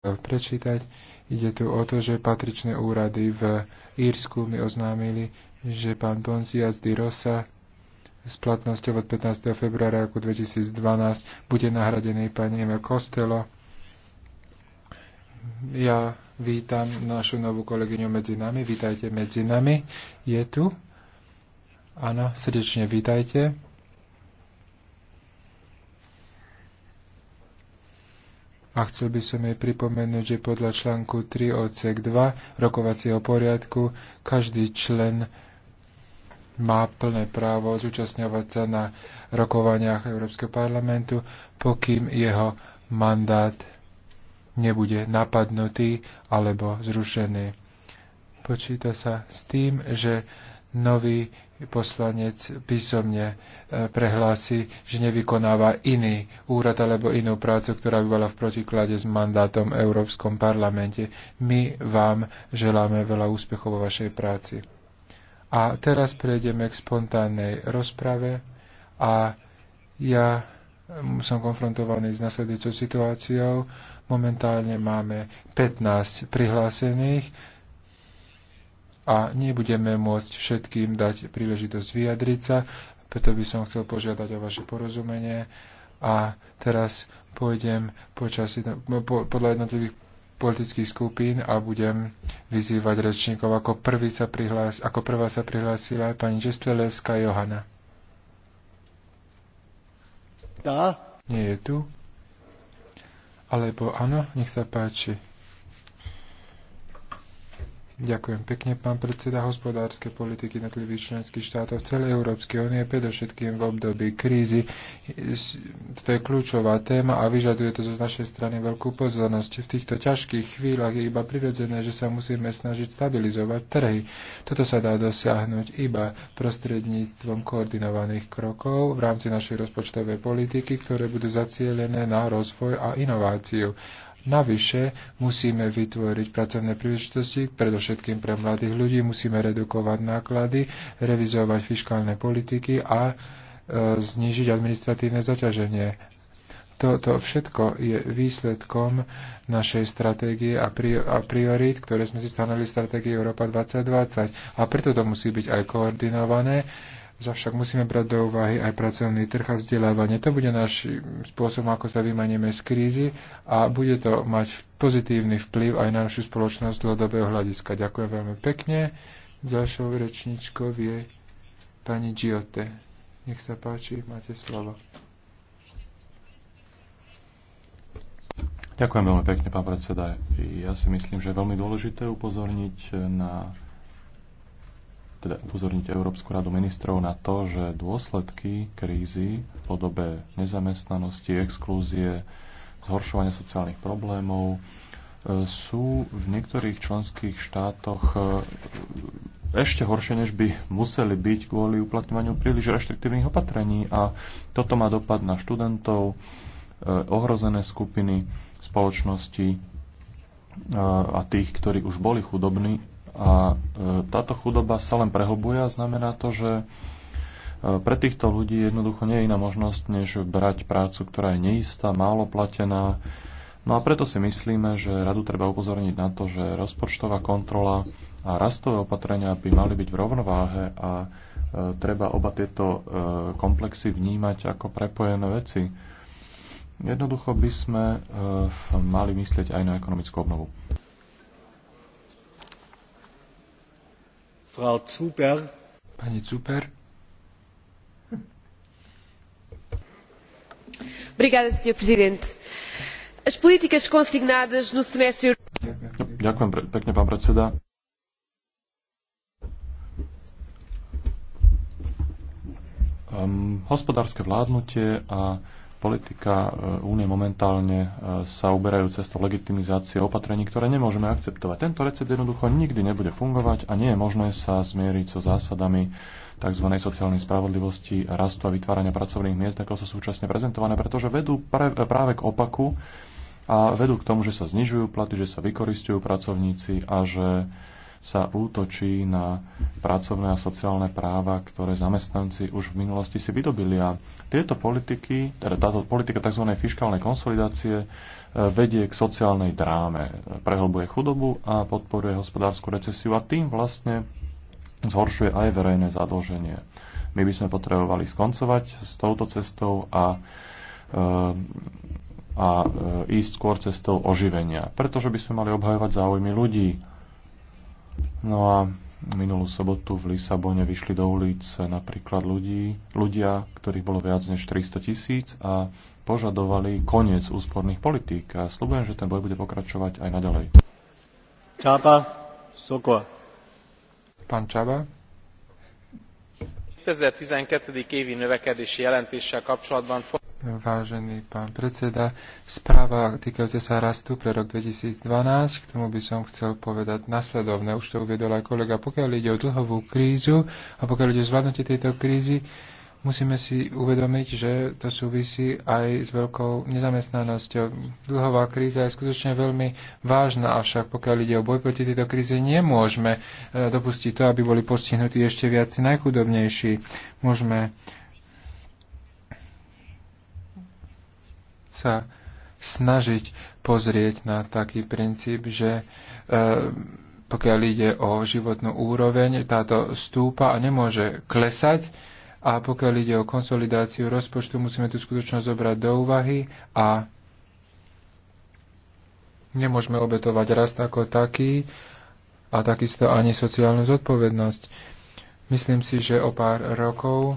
prečítať. Ide tu o to, že patričné úrady v Írsku mi oznámili, že pán Bonzias di Rosa s platnosťou od 15. februára roku 2012 bude nahradený pani Emil Costello. Ja vítam našu novú kolegyňu medzi nami. Vítajte medzi nami. Je tu. Áno, srdečne vítajte. a chcel by som jej pripomenúť, že podľa článku 3 odsek 2 rokovacieho poriadku každý člen má plné právo zúčastňovať sa na rokovaniach Európskeho parlamentu, pokým jeho mandát nebude napadnutý alebo zrušený. Počíta sa s tým, že nový poslanec písomne e, prehlási, že nevykonáva iný úrad alebo inú prácu, ktorá by bola v protiklade s mandátom v Európskom parlamente. My vám želáme veľa úspechov vo vašej práci. A teraz prejdeme k spontánnej rozprave a ja mm, som konfrontovaný s nasledujúcou situáciou. Momentálne máme 15 prihlásených, a nebudeme môcť všetkým dať príležitosť vyjadriť sa, preto by som chcel požiadať o vaše porozumenie a teraz pôjdem počas, no, po, podľa jednotlivých politických skupín a budem vyzývať rečníkov. Ako, prvý sa prihlás, ako prvá sa prihlásila pani Žestelevská Johana. Tá? Nie je tu. Alebo áno, nech sa páči. Ďakujem pekne, pán predseda hospodárskej politiky jednotlivých členských štátov celej Európskej únie, predovšetkým v období krízy. To je kľúčová téma a vyžaduje to zo našej strany veľkú pozornosť. V týchto ťažkých chvíľach je iba prirodzené, že sa musíme snažiť stabilizovať trhy. Toto sa dá dosiahnuť iba prostredníctvom koordinovaných krokov v rámci našej rozpočtovej politiky, ktoré budú zacielené na rozvoj a inováciu Navyše musíme vytvoriť pracovné príležitosti, predovšetkým pre mladých ľudí, musíme redukovať náklady, revizovať fiskálne politiky a e, znížiť administratívne zaťaženie. Toto všetko je výsledkom našej stratégie a, pri, a priorít, ktoré sme si stanovili v stratégii Európa 2020. A preto to musí byť aj koordinované Zavšak musíme brať do úvahy aj pracovný trh a vzdelávanie. To bude náš spôsob, ako sa vymanieme z krízy a bude to mať pozitívny vplyv aj na našu spoločnosť dlhodobého hľadiska. Ďakujem veľmi pekne. Ďalšou rečničkou je pani Giote. Nech sa páči, máte slovo. Ďakujem veľmi pekne, pán predseda. Ja si myslím, že je veľmi dôležité upozorniť na teda upozorniť Európsku radu ministrov na to, že dôsledky krízy v podobe nezamestnanosti, exklúzie, zhoršovania sociálnych problémov e, sú v niektorých členských štátoch e, ešte horšie, než by museli byť kvôli uplatňovaniu príliš reštriktívnych opatrení a toto má dopad na študentov, e, ohrozené skupiny spoločnosti a tých, ktorí už boli chudobní, a e, táto chudoba sa len prehlbuje a znamená to, že e, pre týchto ľudí jednoducho nie je iná možnosť, než brať prácu, ktorá je neistá, málo platená. No a preto si myslíme, že radu treba upozorniť na to, že rozpočtová kontrola a rastové opatrenia by mali byť v rovnováhe a e, treba oba tieto komplexy vnímať ako prepojené veci. Jednoducho by sme mali myslieť aj na ekonomickú obnovu. Frau Zuber. Pani Zuber. Obrigada, Sr. Presidente. As políticas consignadas no semestre... Ďakujem pekne, pán predseda. Um, hospodárske vládnutie a politika e, únie momentálne e, sa uberajú cestou legitimizácie opatrení, ktoré nemôžeme akceptovať. Tento recept jednoducho nikdy nebude fungovať a nie je možné sa zmieriť so zásadami tzv. sociálnej spravodlivosti, rastu a vytvárania pracovných miest, ako sú súčasne prezentované, pretože vedú pre, práve k opaku a vedú k tomu, že sa znižujú platy, že sa vykoristujú pracovníci a že sa útočí na pracovné a sociálne práva, ktoré zamestnanci už v minulosti si vydobili. A tieto politiky, teda táto politika tzv. fiskálnej konsolidácie e, vedie k sociálnej dráme, prehlbuje chudobu a podporuje hospodárskú recesiu a tým vlastne zhoršuje aj verejné zadlženie. My by sme potrebovali skoncovať s touto cestou a, e, a e, ísť skôr cestou oživenia, pretože by sme mali obhajovať záujmy ľudí No a minulú sobotu v Lisabone vyšli do ulic napríklad ľudí, ľudia, ktorých bolo viac než 300 tisíc a požadovali koniec úsporných politík. A slúbujem, že ten boj bude pokračovať aj naďalej. Čaba, Sokol. Pán Čaba. 2012. évi növekedési jelentéssel kapcsolatban vážený pán predseda. Správa týkajúce sa rastu pre rok 2012, k tomu by som chcel povedať nasledovne. už to uviedol aj kolega, pokiaľ ide o dlhovú krízu a pokiaľ ide o zvládnutie tejto krízy, musíme si uvedomiť, že to súvisí aj s veľkou nezamestnanosťou. Dlhová kríza je skutočne veľmi vážna, avšak pokiaľ ide o boj proti tejto kríze, nemôžeme eh, dopustiť to, aby boli postihnutí ešte viac najchudobnejší. Môžeme sa snažiť pozrieť na taký princíp, že e, pokiaľ ide o životnú úroveň, táto stúpa a nemôže klesať. A pokiaľ ide o konsolidáciu rozpočtu, musíme tú skutočnosť zobrať do úvahy a nemôžeme obetovať rast ako taký a takisto ani sociálnu zodpovednosť. Myslím si, že o pár rokov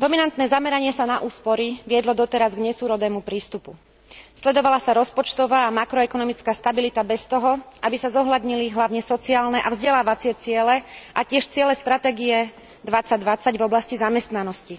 dominantné zameranie sa na úspory viedlo doteraz k nesúrodému prístupu. sledovala sa rozpočtová a makroekonomická stabilita bez toho aby sa zohľadnili hlavne sociálne a vzdelávacie ciele a tiež ciele stratégie two thousand and twenty v oblasti zamestnanosti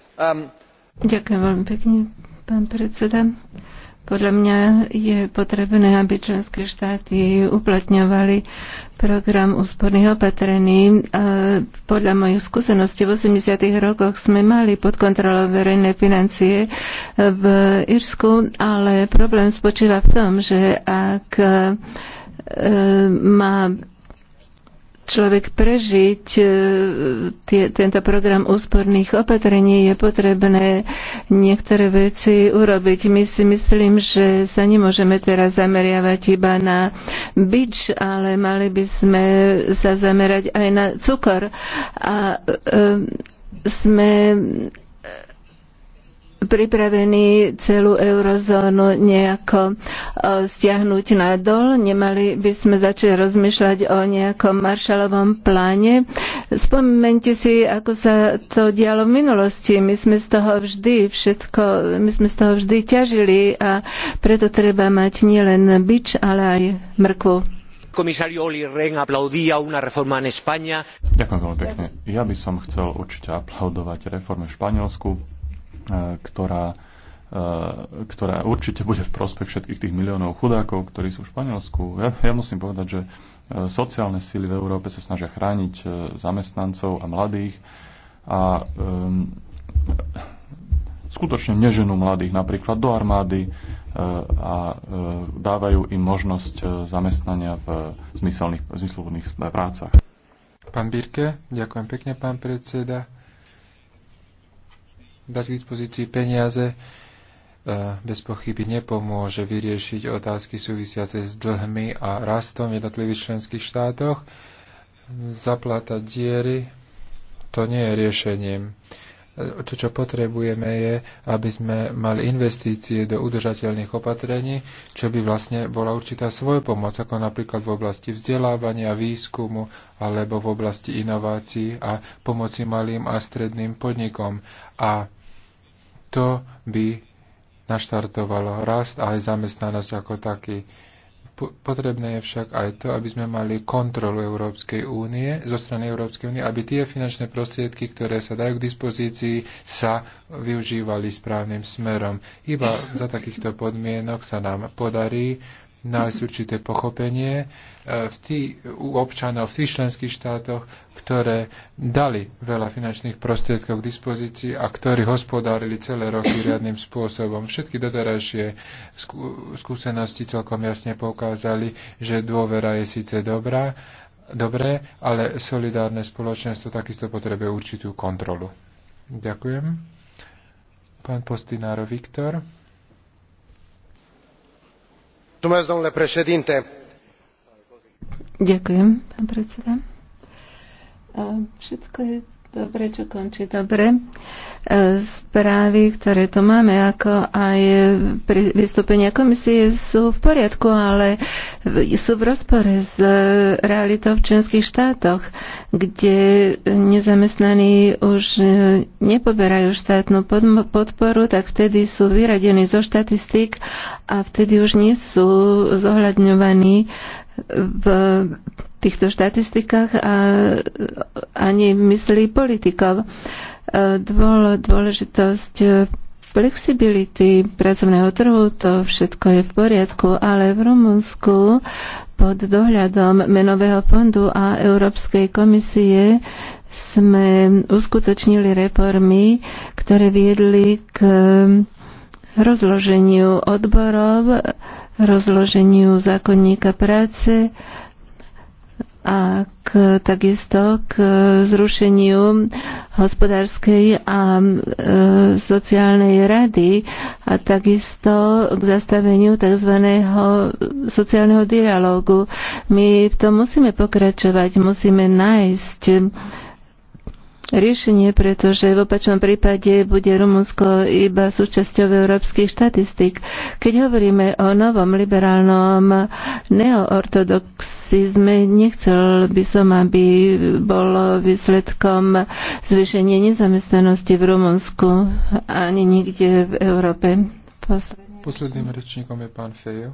Um, Ďakujem veľmi pekne, pán predseda. Podľa mňa je potrebné, aby členské štáty uplatňovali program úsporných opatrení. Podľa mojich skúseností v 80. rokoch sme mali pod kontrolou verejné financie v Irsku, ale problém spočíva v tom, že ak e, má človek prežiť e, tie, tento program úsporných opatrení, je potrebné niektoré veci urobiť. My si myslím, že sa nemôžeme teraz zameriavať iba na byč, ale mali by sme sa zamerať aj na cukor. A e, sme pripravení celú eurozónu nejako e, stiahnuť nadol. Nemali by sme začať rozmýšľať o nejakom maršalovom pláne. Spomente si, ako sa to dialo v minulosti. My sme z toho vždy všetko, my sme z toho vždy ťažili a preto treba mať nielen bič, ale aj mrkvu komisario Oli Rehn aplaudia una reforma en España. Ďakujem veľmi pekne. Ja by som chcel určite aplaudovať reforme v Španielsku, E, ktorá, e, ktorá určite bude v prospech všetkých tých miliónov chudákov, ktorí sú v Španielsku. Ja, ja musím povedať, že e, sociálne síly v Európe sa snažia chrániť zamestnancov a mladých a um, skutočne neženú mladých napríklad do armády a dávajú im možnosť zamestnania v zmyselných, zmysluplných prácach. Pán Birke, ďakujem pekne, pán predseda dať k dispozícii peniaze e, bez pochyby nepomôže vyriešiť otázky súvisiace s dlhmi a rastom v jednotlivých členských štátoch. Zaplatať diery to nie je riešením. E, to, čo potrebujeme, je, aby sme mali investície do udržateľných opatrení, čo by vlastne bola určitá svojpomoc, ako napríklad v oblasti vzdelávania, výskumu alebo v oblasti inovácií a pomoci malým a stredným podnikom. A to by naštartovalo rast a aj zamestnanosť ako taký. Potrebné je však aj to, aby sme mali kontrolu Európskej únie, zo strany Európskej únie, aby tie finančné prostriedky, ktoré sa dajú k dispozícii, sa využívali správnym smerom. Iba za takýchto podmienok sa nám podarí nájsť určité pochopenie e, v tí, u občanov v tých členských štátoch, ktoré dali veľa finančných prostriedkov k dispozícii a ktorí hospodárili celé roky riadnym spôsobom. Všetky doterajšie skúsenosti celkom jasne poukázali, že dôvera je síce dobrá, dobré, ale solidárne spoločenstvo takisto potrebuje určitú kontrolu. Ďakujem. Pán Postinárov Viktor. Ďakujem, pán predseda. Všetko je Dobre, čo končí, dobre. E, správy, ktoré tu máme, ako aj vystúpenia komisie, sú v poriadku, ale sú v rozpore s realitou v členských štátoch, kde nezamestnaní už nepoberajú štátnu podporu, tak vtedy sú vyradení zo štatistík a vtedy už nie sú zohľadňovaní v týchto štatistikách a ani v myslí politikov. E, dôležitosť flexibility pracovného trhu, to všetko je v poriadku, ale v Rumunsku pod dohľadom Menového fondu a Európskej komisie sme uskutočnili reformy, ktoré viedli k rozloženiu odborov, rozloženiu zákonníka práce a k, takisto k zrušeniu hospodárskej a e, sociálnej rady a takisto k zastaveniu tzv. sociálneho dialógu. My v tom musíme pokračovať, musíme nájsť riešenie, pretože v opačnom prípade bude Rumunsko iba súčasťou európskych štatistík. Keď hovoríme o novom liberálnom neoortodoxizme, nechcel by som, aby bolo výsledkom zvýšenie nezamestnanosti v Rumunsku ani nikde v Európe. Posledný. Posledným rečníkom je pán Fejo.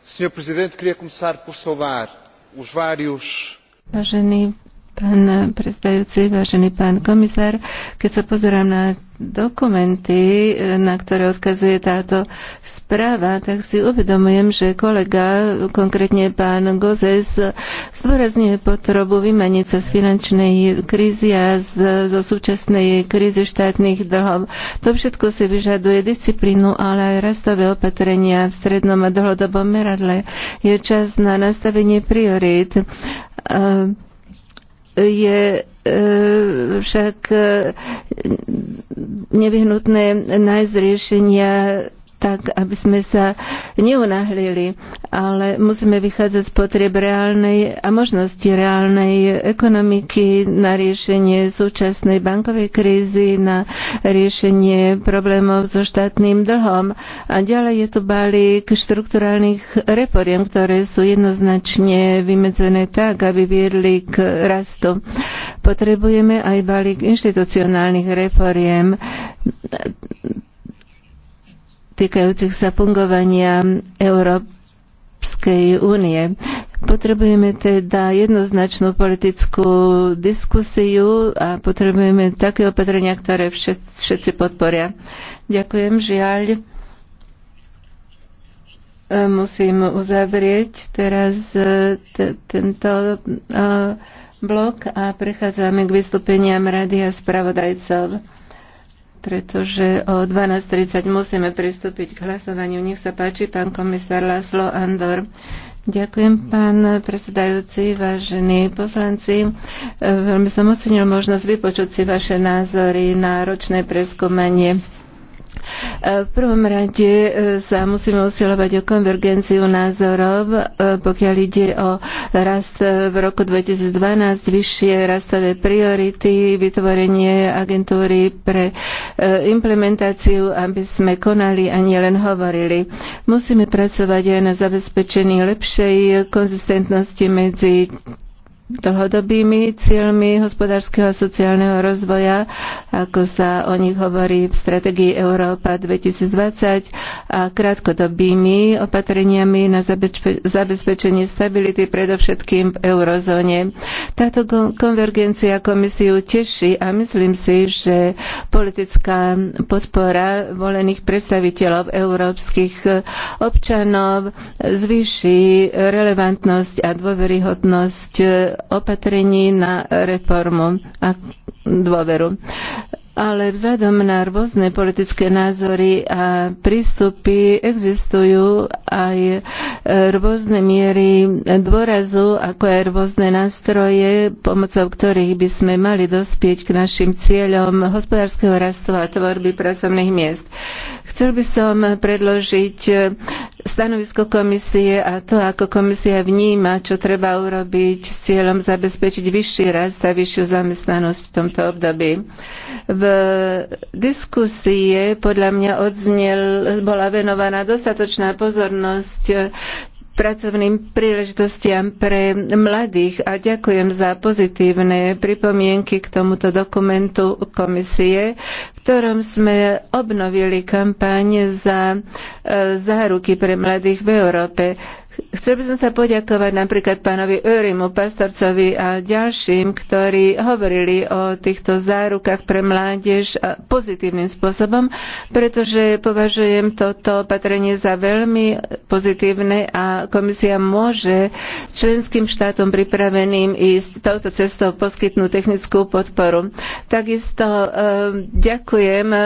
Senhor Presidente, queria começar por saudar os vários Vážený pán predstavujúci, vážený pán komisár, keď sa pozerám na dokumenty, na ktoré odkazuje táto správa, tak si uvedomujem, že kolega, konkrétne pán Gozes, zdôrazňuje potrebu vymaniť sa z finančnej krízy a z, zo súčasnej krízy štátnych dlhov. To všetko si vyžaduje disciplínu, ale aj rastové opatrenia v strednom a dlhodobom meradle. Je čas na nastavenie priorít. Ehm, je ehm, však ehm, nevyhnutné nájsť riešenia tak aby sme sa neunahlili, ale musíme vychádzať z potrieb reálnej a možnosti reálnej ekonomiky na riešenie súčasnej bankovej krízy, na riešenie problémov so štátnym dlhom. A ďalej je tu balík štrukturálnych reforiem, ktoré sú jednoznačne vymedzené tak, aby viedli k rastu. Potrebujeme aj balík inštitucionálnych reforiem týkajúcich sa fungovania Európskej únie. Potrebujeme teda jednoznačnú politickú diskusiu a potrebujeme také opatrenia, ktoré všet, všetci podporia. Ďakujem, žiaľ. E, musím uzavrieť teraz e, tento e, blok a prechádzame k vystúpeniam rady a spravodajcov pretože o 12.30 musíme pristúpiť k hlasovaniu. Nech sa páči, pán komisár Laslo Andor. Ďakujem, pán predsedajúci, vážení poslanci. E, veľmi som ocenil možnosť vypočuť si vaše názory na ročné preskúmanie E, v prvom rade e, sa musíme usilovať o konvergenciu názorov, e, pokiaľ ide o rast v roku 2012, vyššie rastové priority, vytvorenie agentúry pre implementáciu, aby sme konali a nielen hovorili. Musíme pracovať aj na zabezpečení lepšej konzistentnosti medzi dlhodobými cieľmi hospodárskeho a sociálneho rozvoja, ako sa o nich hovorí v stratégii Európa 2020 a krátkodobými opatreniami na zabezpečenie stability predovšetkým v eurozóne. Táto konvergencia komisiu teší a myslím si, že politická podpora volených predstaviteľov európskych občanov zvýši relevantnosť a dôveryhodnosť opatrení na reformu a dôveru ale vzhľadom na rôzne politické názory a prístupy existujú aj e, rôzne miery dôrazu, ako aj rôzne nástroje, pomocou ktorých by sme mali dospieť k našim cieľom hospodárskeho rastu a tvorby pracovných miest. Chcel by som predložiť e, stanovisko komisie a to, ako komisia vníma, čo treba urobiť s cieľom zabezpečiť vyšší rast a vyššiu zamestnanosť v tomto období. V diskusie podľa mňa odznel, bola venovaná dostatočná pozornosť pracovným príležitostiam pre mladých a ďakujem za pozitívne pripomienky k tomuto dokumentu komisie, v ktorom sme obnovili kampaň za e, záruky pre mladých v Európe. Chcel by som sa poďakovať napríklad pánovi Örimu, pastorcovi a ďalším, ktorí hovorili o týchto zárukách pre mládež pozitívnym spôsobom, pretože považujem toto opatrenie za veľmi pozitívne a komisia môže členským štátom pripraveným ísť touto cestou poskytnúť technickú podporu. Takisto eh, ďakujem eh,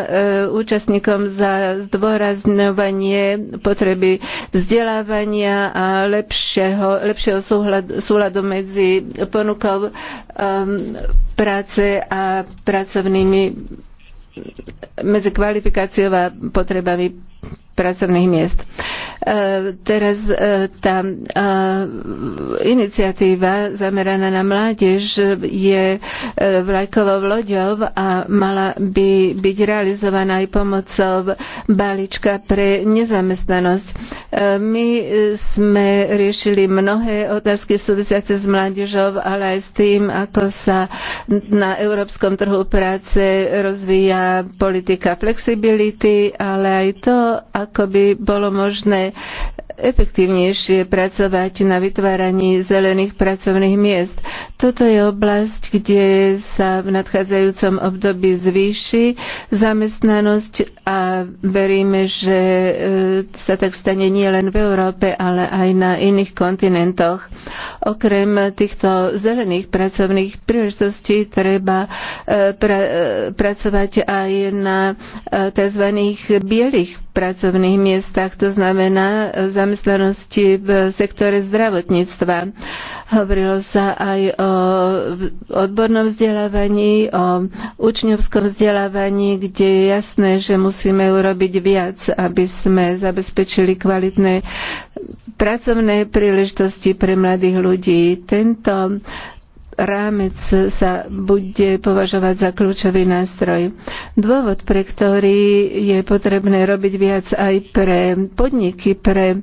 účastníkom za zdôrazňovanie potreby vzdelávania a lepšieho, lepšieho súhľadu, súhľadu medzi ponukou um, práce a pracovnými medzi kvalifikáciou a potrebami pracovných miest. E, teraz e, tá e, iniciatíva zameraná na mládež je vlajkovou loďou a mala by byť realizovaná aj pomocou balíčka pre nezamestnanosť. My sme riešili mnohé otázky súvisiace s mládežou, ale aj s tým, ako sa na európskom trhu práce rozvíja politika flexibility, ale aj to, ako by bolo možné efektívnejšie pracovať na vytváraní zelených pracovných miest. Toto je oblasť, kde sa v nadchádzajúcom období zvýši zamestnanosť a veríme, že e, sa tak stane nie len v Európe, ale aj na iných kontinentoch. Okrem týchto zelených pracovných príležitostí treba e, pra- e, pracovať aj na tzv. bielých pracovných miestach, to znamená zamestnanosti v sektore zdravotníctva. Hovorilo sa aj o odbornom vzdelávaní, o učňovskom vzdelávaní, kde je jasné, že musíme urobiť viac, aby sme zabezpečili kvalitné pracovné príležitosti pre mladých ľudí. Tento rámec sa bude považovať za kľúčový nástroj. Dôvod, pre ktorý je potrebné robiť viac aj pre podniky, pre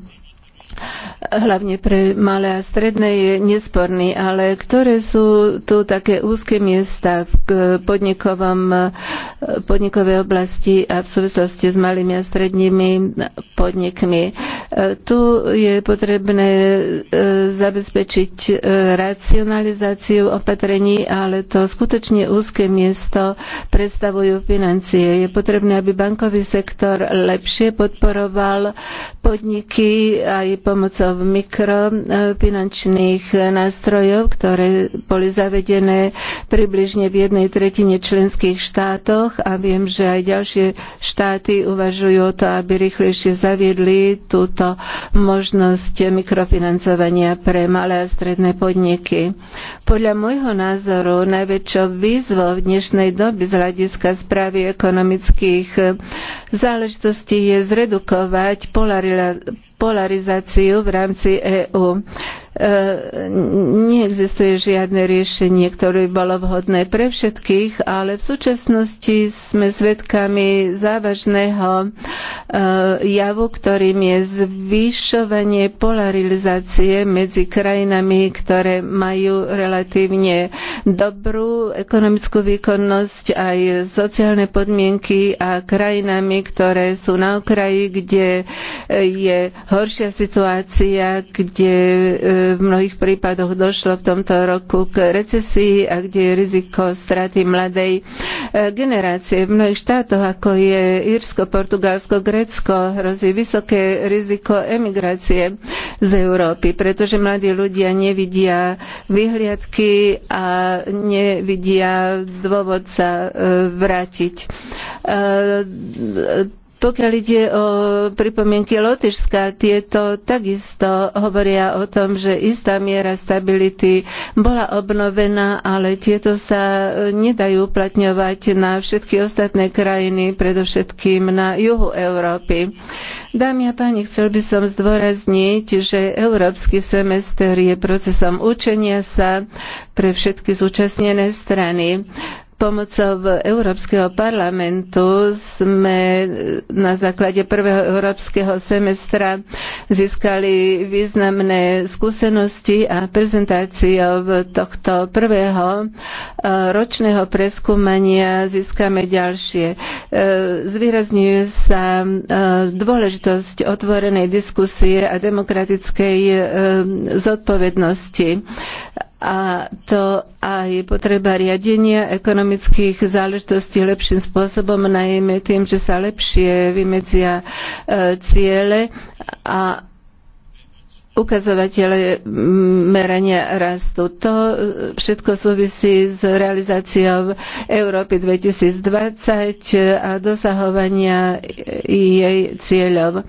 hlavne pre malé a stredné, je nesporný, ale ktoré sú tu také úzke miesta v podnikovom, eh, podnikovej oblasti a v súvislosti s malými a strednými podnikmi. Eh, tu je potrebné eh, zabezpečiť racionalizáciu opatrení, ale to skutočne úzke miesto predstavujú financie. Je potrebné, aby bankový sektor lepšie podporoval podniky aj pomocou mikrofinančných nástrojov, ktoré boli zavedené približne v jednej tretine členských štátoch a viem, že aj ďalšie štáty uvažujú o to, aby rýchlejšie zaviedli túto možnosť mikrofinancovania pre malé a stredné podniky. Podľa môjho názoru najväčšou výzvou v dnešnej doby z hľadiska správy ekonomických záležitostí je zredukovať polarizáciu polarizáciu v rámci EÚ. E, neexistuje žiadne riešenie, ktoré by bolo vhodné pre všetkých, ale v súčasnosti sme svedkami závažného e, javu, ktorým je zvyšovanie polarizácie medzi krajinami, ktoré majú relatívne dobrú ekonomickú výkonnosť aj sociálne podmienky a krajinami, ktoré sú na okraji, kde je horšia situácia, kde e, v mnohých prípadoch došlo v tomto roku k recesii a kde je riziko straty mladej e, generácie. V mnohých štátoch, ako je Írsko, Portugalsko, Grécko, hrozí vysoké riziko emigrácie z Európy, pretože mladí ľudia nevidia vyhliadky a nevidia dôvod sa e, vrátiť e, pokiaľ ide o e, pripomienky Lotyšska, tieto takisto hovoria o tom, že istá miera stability bola obnovená, ale tieto sa e, nedajú uplatňovať na všetky ostatné krajiny, predovšetkým na juhu Európy. Dámy a páni, chcel by som zdôrazniť, že Európsky semester je procesom učenia sa pre všetky zúčastnené strany pomocou Európskeho parlamentu sme e, na základe prvého európskeho semestra získali významné skúsenosti a prezentáciou tohto prvého e, ročného preskúmania získame ďalšie. E, zvýrazňuje sa dôležitosť otvorenej diskusie a demokratickej zodpovednosti a to aj potreba riadenia ekonomických záležitostí lepším spôsobom, najmä tým, že sa lepšie vymedzia e, ciele a ukazovatele merania rastu. To všetko súvisí s realizáciou Európy 2020 a dosahovania jej cieľov.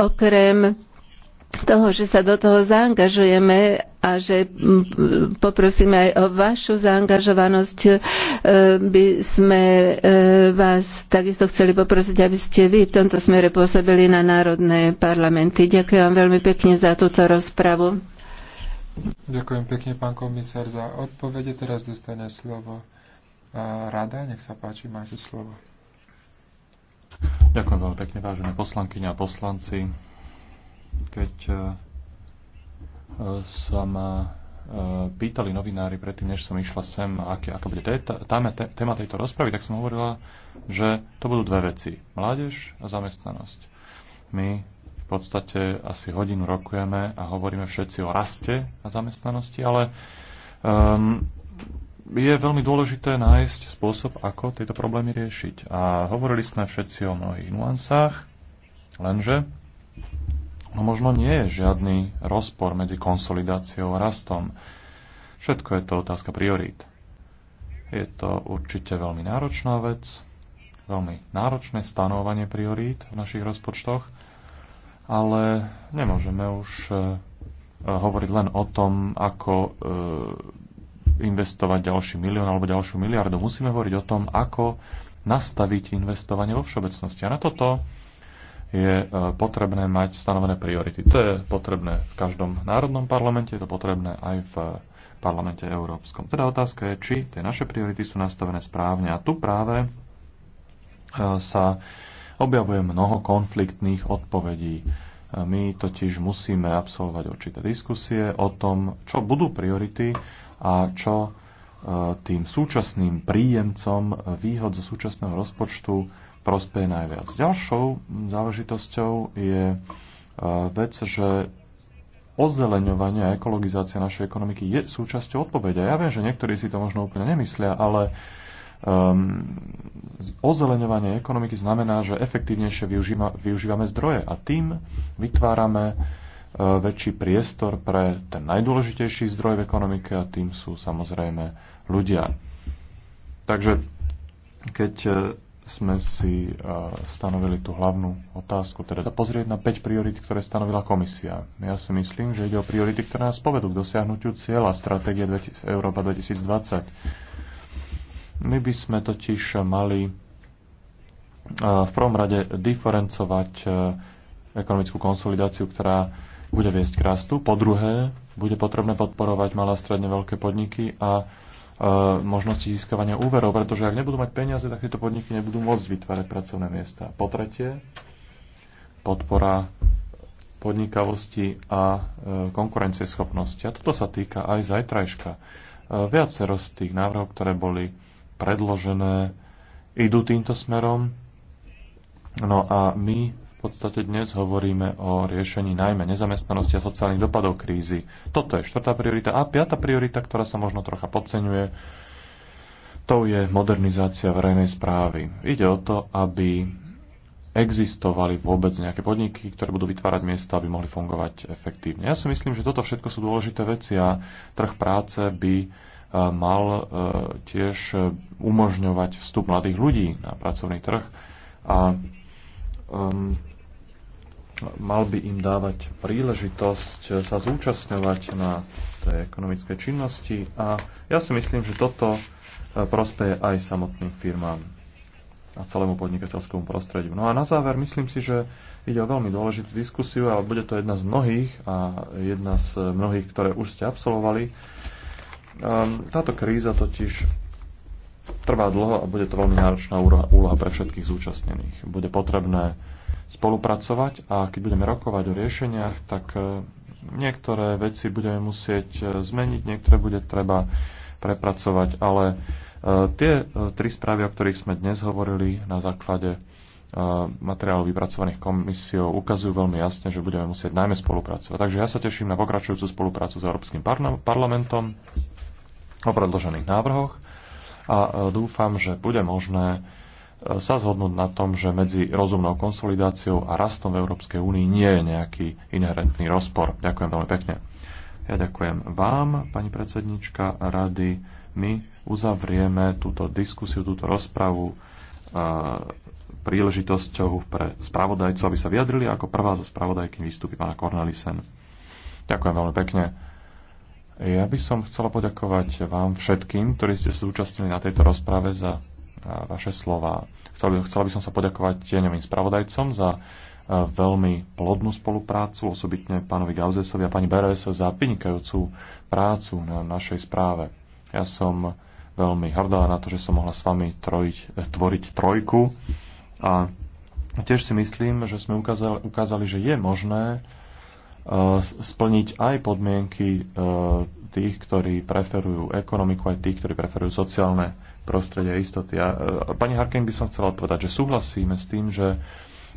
Okrem toho, že sa do toho zaangažujeme a že poprosíme aj o vašu zaangažovanosť, e, by sme e, vás takisto chceli poprosiť, aby ste vy v tomto smere pôsobili na národné parlamenty. Ďakujem vám veľmi pekne za túto rozpravu. Ďakujem pekne, pán komisár, za odpovede. Teraz dostane slovo e, rada. Nech sa páči, máte slovo. Ďakujem veľmi pekne, vážené poslankyňa a poslanci. Keď e, e, sa ma e, pýtali novinári predtým, než som išla sem, aké, aká bude téma, téma tejto rozpravy, tak som hovorila, že to budú dve veci. Mládež a zamestnanosť. My v podstate asi hodinu rokujeme a hovoríme všetci o raste a zamestnanosti, ale um, je veľmi dôležité nájsť spôsob, ako tieto problémy riešiť. A hovorili sme všetci o mnohých nuansách, lenže No možno nie je žiadny rozpor medzi konsolidáciou a rastom. Všetko je to otázka priorít. Je to určite veľmi náročná vec, veľmi náročné stanovanie priorít v našich rozpočtoch, ale nemôžeme už e, e, hovoriť len o tom, ako e, investovať ďalší milión alebo ďalšiu miliardu. Musíme hovoriť o tom, ako nastaviť investovanie vo všeobecnosti. A na toto je e, potrebné mať stanovené priority. To je potrebné v každom národnom parlamente, je to potrebné aj v e, parlamente európskom. Teda otázka je, či tie naše priority sú nastavené správne. A tu práve e, sa objavuje mnoho konfliktných odpovedí. My totiž musíme absolvovať určité diskusie o tom, čo budú priority a čo tým súčasným príjemcom výhod zo súčasného rozpočtu prospeje najviac. Ďalšou záležitosťou je e, vec, že ozeleňovanie a ekologizácia našej ekonomiky je súčasťou odpovede. Ja viem, že niektorí si to možno úplne nemyslia, ale um, ozeleňovanie ekonomiky znamená, že efektívnejšie využíva, využívame zdroje a tým vytvárame uh, väčší priestor pre ten najdôležitejší zdroj v ekonomike a tým sú samozrejme ľudia. Takže keď e, sme si stanovili tú hlavnú otázku, teda pozrieť na 5 priorít, ktoré stanovila komisia. Ja si myslím, že ide o priority, ktoré nás povedú k dosiahnutiu cieľa stratégie Európa 2020. My by sme totiž mali v prvom rade diferencovať ekonomickú konsolidáciu, ktorá bude viesť k rastu. Po druhé, bude potrebné podporovať malé a stredne veľké podniky a možnosti získavania úverov, pretože ak nebudú mať peniaze, tak tieto podniky nebudú môcť vytvárať pracovné miesta. Po tretie, podpora podnikavosti a e, konkurencieschopnosti. A toto sa týka aj zajtrajška. E, viacero z tých návrhov, ktoré boli predložené, idú týmto smerom. No a my v podstate dnes hovoríme o riešení najmä nezamestnanosti a sociálnych dopadov krízy. Toto je štvrtá priorita. A piata priorita, ktorá sa možno trocha podceňuje, to je modernizácia verejnej správy. Ide o to, aby existovali vôbec nejaké podniky, ktoré budú vytvárať miesta, aby mohli fungovať efektívne. Ja si myslím, že toto všetko sú dôležité veci a trh práce by e, mal e, tiež umožňovať vstup mladých ľudí na pracovný trh. A mal by im dávať príležitosť eh, sa zúčastňovať na tej ekonomickej činnosti a ja si myslím, že toto eh, prospeje aj samotným firmám a celému podnikateľskému prostrediu. No a na záver myslím si, že ide o veľmi dôležitú diskusiu a bude to jedna z mnohých a jedna z eh, mnohých, ktoré už ste absolvovali. Ehm, táto kríza totiž trvá dlho a bude to veľmi náročná úloha pre všetkých zúčastnených. Bude potrebné spolupracovať a keď budeme rokovať o riešeniach, tak e, niektoré veci budeme musieť e, zmeniť, niektoré bude treba prepracovať, ale e, tie tri správy, o ktorých sme dnes hovorili na základe materiálu vypracovaných komisiou ukazujú veľmi jasne, že budeme musieť najmä spolupracovať. Takže ja sa teším na pokračujúcu spoluprácu s Európskym parlamentom o predložených návrhoch a dúfam, že bude možné E, sa zhodnúť na tom, že medzi rozumnou konsolidáciou a rastom v Európskej únii nie je nejaký inherentný rozpor. Ďakujem veľmi pekne. Ja ďakujem vám, pani predsednička rady. My uzavrieme túto diskusiu, túto rozpravu e, príležitosťou pre spravodajcov, aby sa vyjadrili. Ako prvá zo spravodajky výstupy pána Cornelisen. Ďakujem veľmi pekne. Ja by som chcela poďakovať vám všetkým, ktorí ste sa zúčastnili na tejto rozprave za vaše slova. Chcel by, chcela by som sa poďakovať tieňovým spravodajcom za e, veľmi plodnú spoluprácu, osobitne pánovi Gauzesovi a pani Berese za vynikajúcu prácu na našej správe. Ja som veľmi hrdá na to, že som mohla s vami trojiť, e, tvoriť trojku a tiež si myslím, že sme ukázali, ukázali že je možné e, splniť aj podmienky tých, ktorí preferujú ekonomiku, aj tých, ktorí preferujú sociálne prostredia istoty. A, a e, pani Harkin by som chcela povedať, že súhlasíme s tým, že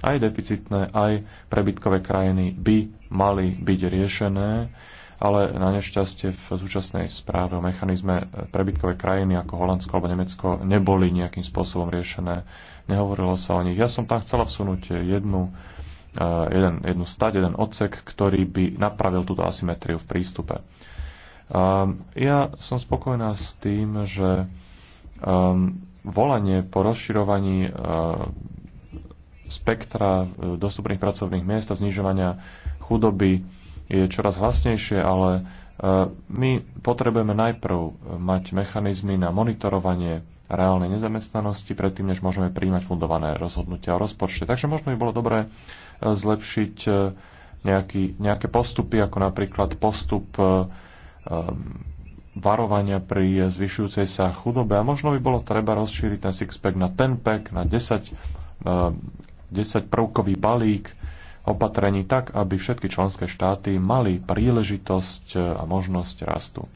aj deficitné, aj prebytkové krajiny by mali byť riešené, ale na nešťastie v súčasnej správe o mechanizme e, prebytkové krajiny ako Holandsko alebo Nemecko neboli nejakým spôsobom riešené. Nehovorilo sa o nich. Ja som tam chcela vsunúť jednu, e, jeden, jednu stať, jeden odsek, ktorý by napravil túto asymetriu v prístupe. Ja som spokojná s tým, že um, volanie po rozširovaní uh, spektra e, dostupných pracovných miest a znižovania chudoby je čoraz hlasnejšie, ale uh, my potrebujeme najprv mať mechanizmy na monitorovanie reálnej nezamestnanosti predtým, než môžeme príjmať fundované rozhodnutia o rozpočte. Takže možno by bolo dobré e, zlepšiť nejaký, nejaké postupy, ako napríklad postup varovania pri zvyšujúcej sa chudobe a možno by bolo treba rozšíriť ten sixpack na ten pack, na 10, 10 e, prvkový balík opatrení tak, aby všetky členské štáty mali príležitosť e, a možnosť rastu.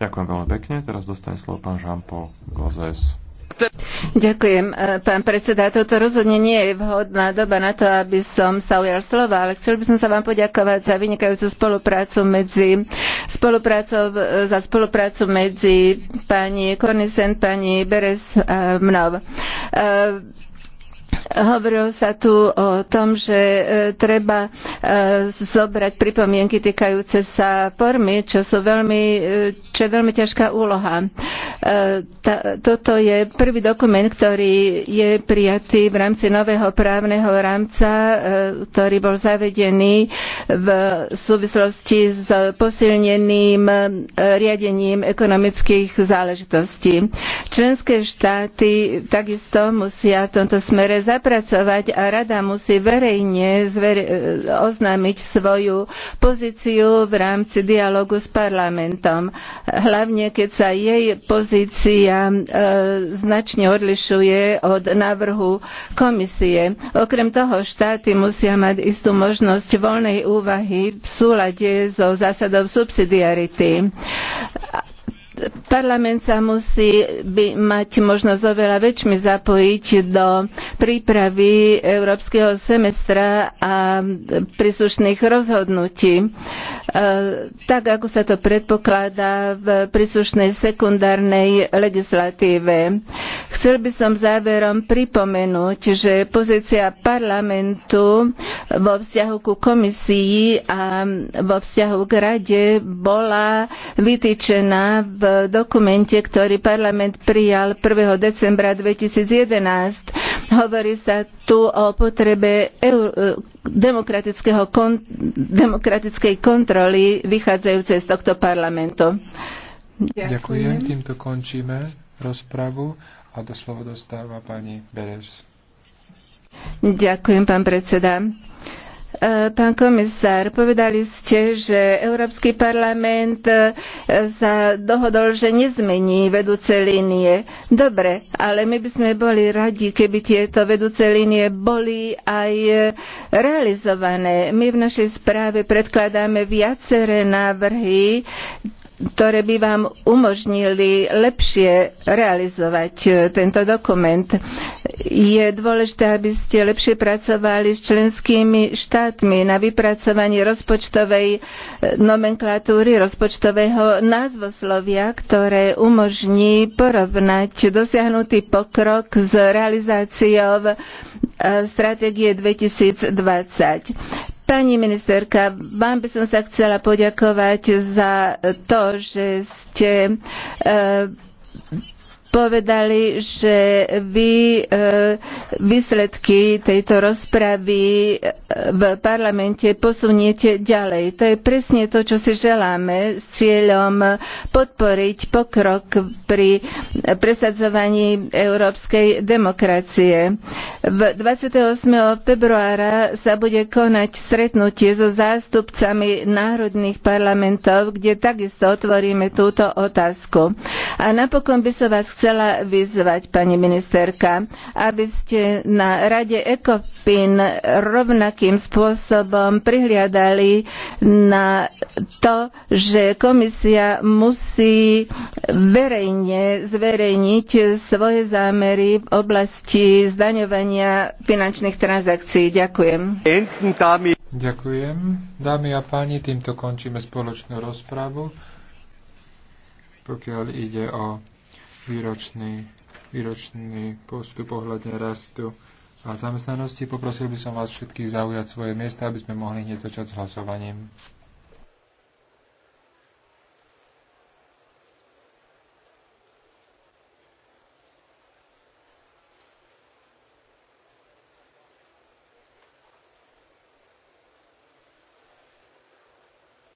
Ďakujem veľmi pekne. Teraz dostane slovo pán Jean-Paul Gozes. Ďakujem, e, pán predseda. Toto rozhodne nie je vhodná doba na to, aby som sa ujal slova, ale chcel by som sa vám poďakovať za vynikajúcu spoluprácu medzi spoluprácou, e, za spoluprácu medzi pani Kornisen, pani Beres a mnou. E, Hovorilo sa tu o tom, že e, treba e, zobrať pripomienky týkajúce sa formy, čo, sú veľmi, e, čo je veľmi ťažká úloha. Toto je prvý dokument, ktorý je prijatý v rámci nového právneho rámca, ktorý bol zavedený v súvislosti s posilneným riadením ekonomických záležitostí. Členské štáty takisto musia v tomto smere zapracovať vypracovať a rada musí verejne oznámiť svoju pozíciu v rámci dialogu s parlamentom. Hlavne, keď sa jej pozícia e, značne odlišuje od návrhu komisie. Okrem toho, štáty musia mať istú možnosť voľnej úvahy v súlade so zásadou subsidiarity. Parlament sa musí by mať možnosť oveľa väčšmi zapojiť do prípravy európskeho semestra a príslušných rozhodnutí. E, tak ako sa to predpokladá v príslušnej sekundárnej legislatíve. Chcel by som záverom pripomenúť, že pozícia parlamentu vo vzťahu ku komisii a vo vzťahu k rade bola vytýčená v dokumente, ktorý parlament prijal 1. decembra 2011. Hovorí sa tu o potrebe kon, demokratickej kontroly vychádzajúcej z tohto parlamentu. Ďakujem. Ďakujem. Týmto končíme rozpravu a do slovo dostáva pani Berez. Ďakujem, pán predseda. E, pán komisár, povedali ste, že Európsky parlament e, sa dohodol, že nezmení vedúce línie. Dobre, ale my by sme boli radi, keby tieto vedúce línie boli aj e, realizované. My v našej správe predkladáme viaceré návrhy, ktoré by vám umožnili lepšie realizovať e, tento dokument. Je dôležité, aby ste lepšie pracovali s členskými štátmi na vypracovanie rozpočtovej e, nomenklatúry, rozpočtového názvoslovia, ktoré umožní porovnať dosiahnutý pokrok s realizáciou e, stratégie 2020. Pani ministerka, vám by som sa chcela poďakovať za to, že ste e, povedali, že vy e, výsledky tejto rozpravy e, v parlamente posuniete ďalej. To je presne to, čo si želáme s cieľom podporiť pokrok pri presadzovaní európskej demokracie. 28. februára sa bude konať stretnutie so zástupcami národných parlamentov, kde takisto otvoríme túto otázku. A napokon by som vás chcela vyzvať, pani ministerka, aby ste na rade ECOFIN rovnakým spôsobom prihliadali na to, že komisia musí verejne zverejniť svoje zámery v oblasti zdaňovania finančných transakcií. Ďakujem. Ďakujem. Dámy a páni, týmto končíme spoločnú rozpravu pokiaľ ide o výročný, výročný postup ohľadne rastu a zamestnanosti. Poprosil by som vás všetkých zaujať svoje miesta, aby sme mohli hneď začať s hlasovaním.